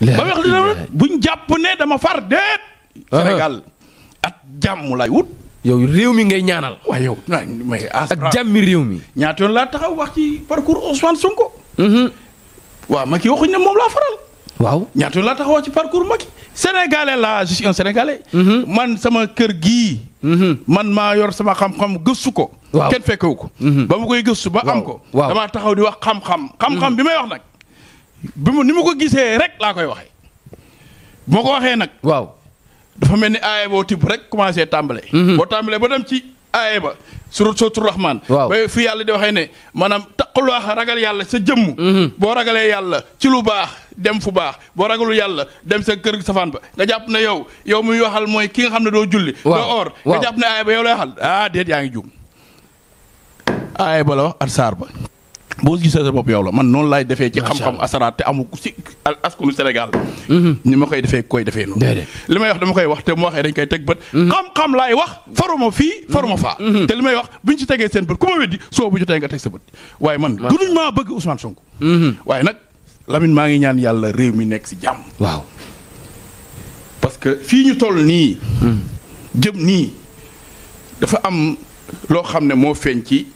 ba wax li buñ jàpp ne dama far déet. Ah, ah. Sénégal at jàmm lay wut. yow réew mi ngay ñaanal. waaye yow may ak mi réew mi. ñaata yoon laa taxaw wax ci parcours Ousmane Sonko. Mhm. waaw Macky waxuñ ne moom laa faral. waaw ñaata yoon laa taxaw wax ci parcours Macky. sénégalais laa je suis mhm. man sama kër gii. Mhm. man maa yor sama xam-xam gëstu ko. waaw kenn fekkewu ko. ba mu koy gëstu ba am ko. damaa taxaw di wax xam-xam. xam-xam bi may wax nag. bi mu ni mu ko gisee rek laa koy waxee bu ko waxee nag. waaw dafa mel ni aaye boo tibb rek commencé tàmbale. Mhm. boo tàmbalee ba dem ci aaye ba suratul rahmaan. waaw ba fi yàlla di waxee ne maanaam taqulaax ragal yàlla sa jëmm. Mhm. boo ragalee yàlla ci lu baax dem fu baax boo ragalu yàlla dem sa kër safaan ba nga jàpp na yow yow muy waxal mooy ki nga xam ne doo julli. waaw doo or nga jàpp ne aaye ba yow lay waxal ah déet yaa ngi juum aaye ba la wax at saar ba. boo gisee sa bopp yow la man noonu laay defee ci xam-xam asaraat te amu si askanu Sénégal mm-hmm. ni ma koy defee koy defee noonu li may wax dama koy wax te mu waxee dañ koy teg bët mm-hmm. xam-xam lay wax faruma fii mm-hmm. faruma faa te li may wax buñ ci tegee seen bët ku ma weddi soo bu jotee nga teg sa bët waaye man gunuñ maa bëgg Ousmane Sonko waaye nag Lamine maa ngi ñaan yàlla réew mi nekk si jàmm waaw parce que fii ñu toll nii jëm nii dafa am loo xam ne moo feeñ ci